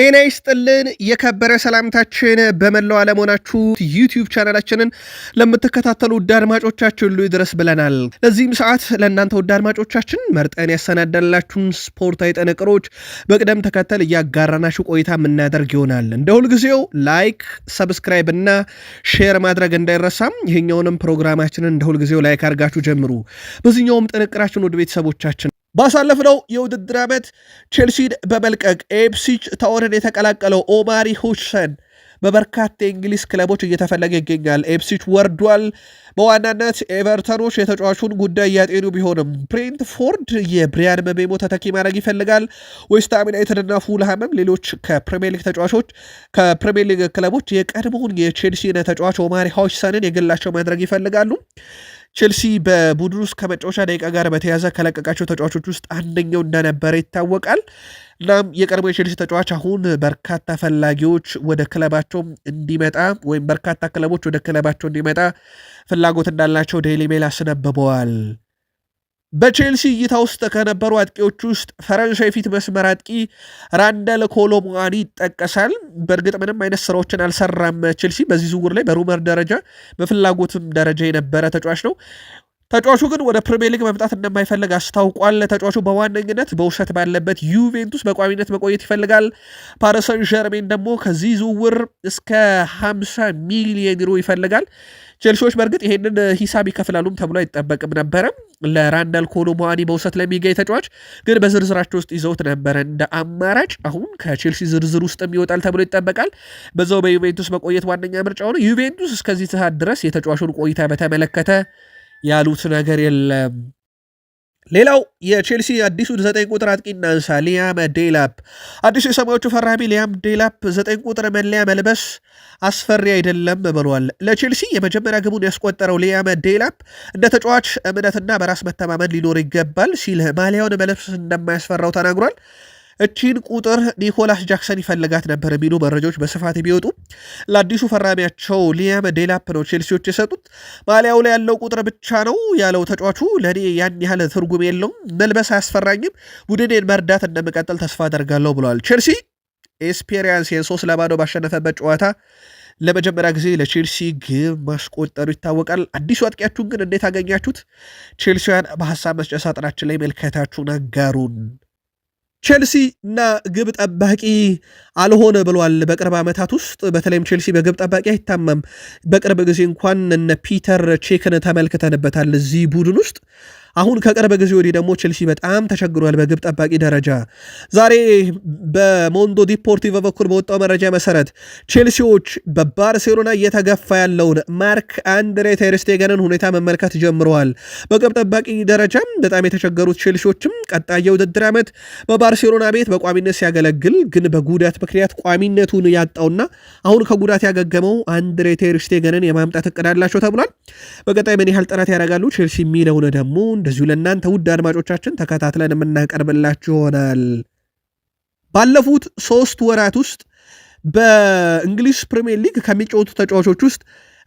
ጤና ይስጥልን የከበረ ሰላምታችን በመላው አለመሆናችሁ ዩቲዩብ ቻናላችንን ለምትከታተሉ ውድ አድማጮቻችን ሁሉ ይድረስ ብለናል። ለዚህም ሰዓት ለእናንተ ውድ አድማጮቻችን መርጠን ያሰናዳላችሁን ስፖርታዊ ጥንቅሮች በቅደም ተከተል እያጋራናችሁ ቆይታ የምናደርግ ይሆናል። እንደ ሁልጊዜው ላይክ፣ ሰብስክራይብ እና ሼር ማድረግ እንዳይረሳም። ይህኛውንም ፕሮግራማችንን እንደ ሁልጊዜው ላይክ አድርጋችሁ ጀምሩ። በዚህኛውም ጥንቅራችን ወደ ቤተሰቦቻችን ባሳለፍነው የውድድር ዓመት ቼልሲን በመልቀቅ ኤፕሲች ታውንን የተቀላቀለው ኦማሪ ሁሰን በበርካታ የእንግሊዝ ክለቦች እየተፈለገ ይገኛል። ኤፕሲች ወርዷል። በዋናነት ኤቨርተኖች የተጫዋቹን ጉዳይ እያጤኑ ቢሆንም ብሬንትፎርድ የብሪያን መቤሞ ተተኪ ማድረግ ይፈልጋል። ዌስትሃም ዩናይትድና ፉልሃምም ሌሎች ከፕሪሚየር ሊግ ተጫዋቾች ከፕሪሚየር ሊግ ክለቦች የቀድሞውን የቼልሲን ተጫዋች ኦማሪ ሆችሰንን የግላቸው ማድረግ ይፈልጋሉ። ቼልሲ በቡድን ውስጥ ከመጫወቻ ደቂቃ ጋር በተያዘ ከለቀቃቸው ተጫዋቾች ውስጥ አንደኛው እንደነበረ ይታወቃል። እናም የቀድሞ የቼልሲ ተጫዋች አሁን በርካታ ፈላጊዎች ወደ ክለባቸው እንዲመጣ ወይም በርካታ ክለቦች ወደ ክለባቸው እንዲመጣ ፍላጎት እንዳላቸው ዴይሊ ሜል አስነብበዋል። በቼልሲ እይታ ውስጥ ከነበሩ አጥቂዎች ውስጥ ፈረንሳይ ፊት መስመር አጥቂ ራንደል ኮሎሙዋኒ ይጠቀሳል። በእርግጥ ምንም አይነት ስራዎችን አልሰራም ቼልሲ በዚህ ዝውውር ላይ በሩመር ደረጃ በፍላጎትም ደረጃ የነበረ ተጫዋች ነው። ተጫዋቹ ግን ወደ ፕሪሚየር ሊግ መምጣት እንደማይፈልግ አስታውቋል። ተጫዋቹ በዋነኝነት በውሰት ባለበት ዩቬንቱስ በቋሚነት መቆየት ይፈልጋል። ፓሪሰን ዠርሜን ደግሞ ከዚህ ዝውውር እስከ 50 ሚሊየን ዩሮ ይፈልጋል። ቼልሲዎች በእርግጥ ይሄንን ሂሳብ ይከፍላሉም ተብሎ አይጠበቅም ነበረ። ለራንዳል ኮሎ መዋኒ በውሰት ለሚገኝ ተጫዋች ግን በዝርዝራቸው ውስጥ ይዘውት ነበረ እንደ አማራጭ። አሁን ከቼልሲ ዝርዝር ውስጥም ይወጣል ተብሎ ይጠበቃል። በዛው በዩቬንቱስ መቆየት ዋነኛ ምርጫ ሆነ። ዩቬንቱስ እስከዚህ ሰዓት ድረስ የተጫዋቹን ቆይታ በተመለከተ ያሉት ነገር የለም። ሌላው የቼልሲ አዲሱ ዘጠኝ ቁጥር አጥቂ እናንሳ። ሊያም ዴላፕ አዲሱ የሰማዮቹ ፈራሚ ሊያም ዴላፕ ዘጠኝ ቁጥር መለያ መልበስ አስፈሪ አይደለም ብሏል። ለቼልሲ የመጀመሪያ ግቡን ያስቆጠረው ሊያም ዴላፕ እንደ ተጫዋች እምነትና በራስ መተማመን ሊኖር ይገባል ሲል ማሊያውን መልበስ እንደማያስፈራው ተናግሯል። እቺን ቁጥር ኒኮላስ ጃክሰን ይፈልጋት ነበር የሚሉ መረጃዎች በስፋት የሚወጡ ለአዲሱ ፈራሚያቸው ሊያም ዴላፕ ነው ቼልሲዎች የሰጡት። ማሊያው ላይ ያለው ቁጥር ብቻ ነው ያለው ተጫዋቹ። ለእኔ ያን ያህል ትርጉም የለውም፣ መልበስ አያስፈራኝም፣ ቡድኔን መርዳት እንደምቀጠል ተስፋ አደርጋለሁ ብለዋል። ቼልሲ ኤስፔሪያንስ ሶስት ለባዶ ባሸነፈበት ጨዋታ ለመጀመሪያ ጊዜ ለቼልሲ ግብ ማስቆጠሩ ይታወቃል። አዲሱ አጥቂያችሁን ግን እንዴት አገኛችሁት? ቼልሲውያን በሀሳብ መስጫ ሳጥናችን ላይ መልከታችሁን አጋሩን። ቼልሲ እና ግብ ጠባቂ አልሆነ ብሏል። በቅርብ ዓመታት ውስጥ በተለይም ቼልሲ በግብ ጠባቂ አይታማም። በቅርብ ጊዜ እንኳን እነ ፒተር ቼክን ተመልክተንበታል እዚህ ቡድን ውስጥ አሁን ከቅርብ ጊዜ ወዲህ ደግሞ ቼልሲ በጣም ተቸግሯል በግብ ጠባቂ ደረጃ። ዛሬ በሞንዶ ዲፖርቲቮ በበኩል በወጣው መረጃ መሰረት ቼልሲዎች በባርሴሎና እየተገፋ ያለውን ማርክ አንድሬ ቴርስቴገንን ሁኔታ መመልከት ጀምረዋል። በግብ ጠባቂ ደረጃም በጣም የተቸገሩት ቼልሲዎችም ቀጣይ የውድድር ዓመት በባርሴሎና ቤት በቋሚነት ሲያገለግል ግን በጉዳት ምክንያት ቋሚነቱን ያጣውና አሁን ከጉዳት ያገገመው አንድሬ ቴርስቴገንን የማምጣት እቅዳላቸው ተብሏል። በቀጣይ ምን ያህል ጥረት ያደርጋሉ ቼልሲ የሚለውን ደግሞ እንደዚሁ ለእናንተ ውድ አድማጮቻችን ተከታትለን የምናቀርብላችሁ ይሆናል። ባለፉት ሶስት ወራት ውስጥ በእንግሊዝ ፕሪምየር ሊግ ከሚጫወቱ ተጫዋቾች ውስጥ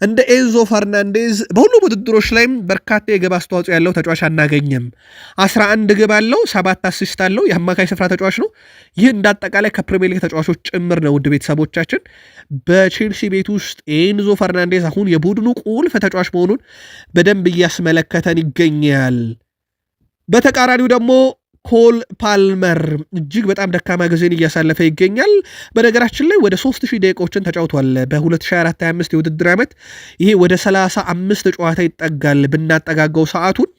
እንደ ኤንዞ ፈርናንዴዝ በሁሉ ውድድሮች ላይም በርካታ የግብ አስተዋጽኦ ያለው ተጫዋች አናገኘም። 11 ግብ አለው፣ ሰባት አሲስት አለው። የአማካይ ስፍራ ተጫዋች ነው። ይህ እንዳጠቃላይ አጠቃላይ ከፕሪሚየር ሊግ ተጫዋቾች ጭምር ነው። ውድ ቤተሰቦቻችን በቼልሲ ቤት ውስጥ ኤንዞ ፈርናንዴዝ አሁን የቡድኑ ቁልፍ ተጫዋች መሆኑን በደንብ እያስመለከተን ይገኛል። በተቃራኒው ደግሞ ኮል ፓልመር እጅግ በጣም ደካማ ጊዜን እያሳለፈ ይገኛል። በነገራችን ላይ ወደ 3000 ደቂቃዎችን ተጫውቷል በ2024/25 የውድድር ዓመት። ይሄ ወደ 35 ጨዋታ ይጠጋል ብናጠጋገው ሰዓቱን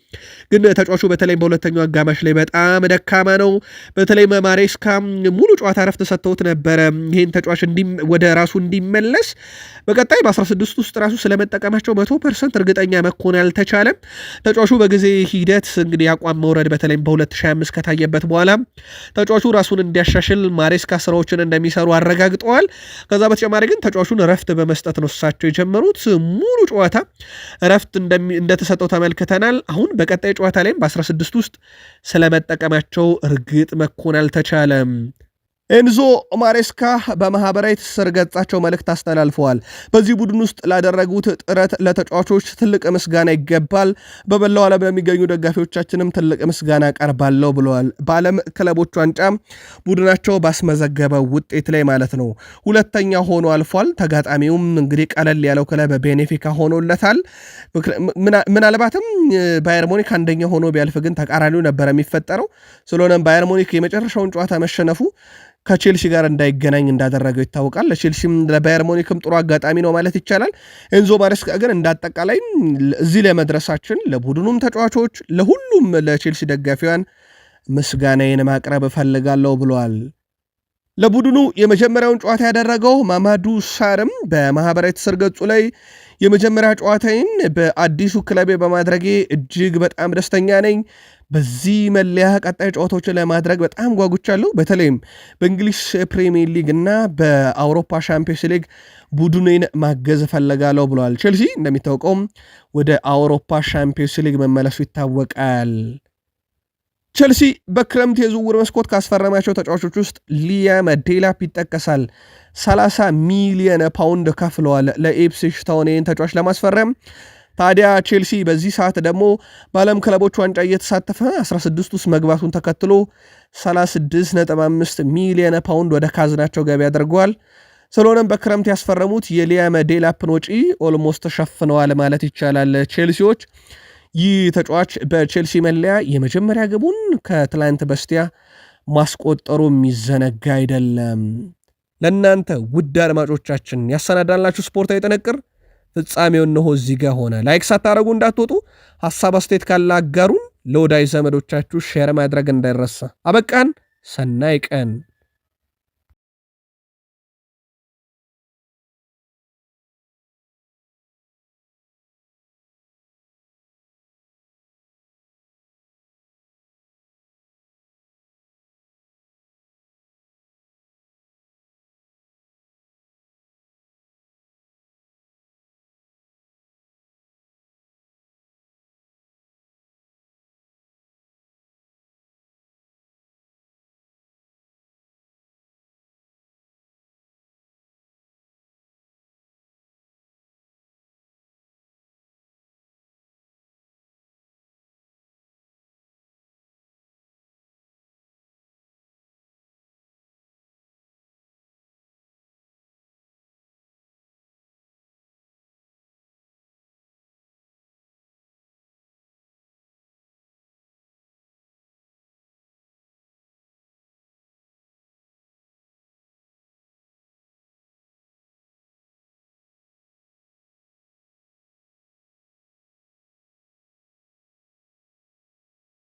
ግን ተጫዋቹ በተለይም በሁለተኛው አጋማሽ ላይ በጣም ደካማ ነው። በተለይ ማሬስካ ሙሉ ጨዋታ ረፍት ሰጥተውት ነበረ። ይህን ተጫዋች ወደ ራሱ እንዲመለስ በቀጣይ በ16 ውስጥ ራሱ ስለመጠቀማቸው መቶ ፐርሰንት እርግጠኛ መኮን አልተቻለም። ተጫዋቹ በጊዜ ሂደት እንግዲህ አቋም መውረድ በተለይም በ2025 ከታየበት በኋላ ተጫዋቹ ራሱን እንዲያሻሽል ማሬስካ ስራዎችን እንደሚሰሩ አረጋግጠዋል። ከዛ በተጨማሪ ግን ተጫዋቹን ረፍት በመስጠት ነው እሳቸው የጀመሩት። ሙሉ ጨዋታ ረፍት እንደተሰጠው ተመልክተናል። አሁን በ በቀጣይ ጨዋታ ላይም በ16 ውስጥ ስለመጠቀማቸው እርግጥ መኮን አልተቻለም። ኤንዞ ማሬስካ በማህበራዊ ትስስር ገጻቸው መልእክት አስተላልፈዋል። በዚህ ቡድን ውስጥ ላደረጉት ጥረት ለተጫዋቾች ትልቅ ምስጋና ይገባል። በመላው ዓለም ለሚገኙ ደጋፊዎቻችንም ትልቅ ምስጋና ቀርባለሁ ብለዋል። በዓለም ክለቦች ዋንጫ ቡድናቸው ባስመዘገበው ውጤት ላይ ማለት ነው ሁለተኛ ሆኖ አልፏል። ተጋጣሚውም እንግዲህ ቀለል ያለው ክለብ ቤኔፊካ ሆኖለታል። ምናልባትም ባየር ሙኒክ አንደኛ ሆኖ ቢያልፍ ግን ተቃራኒው ነበር የሚፈጠረው። ስለሆነም ባየር ሙኒክ የመጨረሻውን ጨዋታ መሸነፉ ከቼልሲ ጋር እንዳይገናኝ እንዳደረገው ይታወቃል። ለቼልሲም ለባየር ሞኒክም ጥሩ አጋጣሚ ነው ማለት ይቻላል። ኤንዞ ማሬስካ ግን እንዳጠቃላይ እዚህ ለመድረሳችን ለቡድኑም ተጫዋቾች፣ ለሁሉም ለቼልሲ ደጋፊዋን ምስጋናዬን ማቅረብ እፈልጋለሁ ብለዋል። ለቡድኑ የመጀመሪያውን ጨዋታ ያደረገው ማማዱ ሳርም በማህበራዊ ትስስር ገጹ ላይ የመጀመሪያ ጨዋታዬን በአዲሱ ክለቤ በማድረጌ እጅግ በጣም ደስተኛ ነኝ። በዚህ መለያ ቀጣይ ጨዋታዎችን ለማድረግ በጣም ጓጉቻለሁ። በተለይም በእንግሊሽ ፕሪሚየር ሊግ እና በአውሮፓ ሻምፒዮንስ ሊግ ቡድኔን ማገዝ እፈልጋለሁ ብለዋል። ቼልሲ እንደሚታወቀውም ወደ አውሮፓ ሻምፒዮንስ ሊግ መመለሱ ይታወቃል። ቼልሲ በክረምት የዝውውር መስኮት ካስፈረማቸው ተጫዋቾች ውስጥ ሊያም ዴላፕ ይጠቀሳል። 30 ሚሊየን ፓውንድ ከፍለዋል ለኢፕስዊች ታውን ተጫዋች ለማስፈረም ታዲያ ቼልሲ በዚህ ሰዓት ደግሞ በዓለም ክለቦች ዋንጫ እየተሳተፈ 16 ውስጥ መግባቱን ተከትሎ 36.5 ሚሊየን ፓውንድ ወደ ካዝናቸው ገቢ አድርገዋል። ስለሆነም በክረምት ያስፈረሙት የሊያመ ዴላፕን ወጪ ኦልሞስት ተሸፍነዋል ማለት ይቻላል ቼልሲዎች። ይህ ተጫዋች በቼልሲ መለያ የመጀመሪያ ግቡን ከትላንት በስቲያ ማስቆጠሩ የሚዘነጋ አይደለም። ለእናንተ ውድ አድማጮቻችን ያሰናዳላችሁ ስፖርታዊ ጥንቅር ፍጻሜው እነሆ እዚህ ጋር ሆነ። ላይክ ሳታደረጉ እንዳትወጡ። ሀሳብ አስተያየት ካላጋሩን ለወዳጅ ዘመዶቻችሁ ሼር ማድረግ እንዳይረሳ። አበቃን። ሰናይ ቀን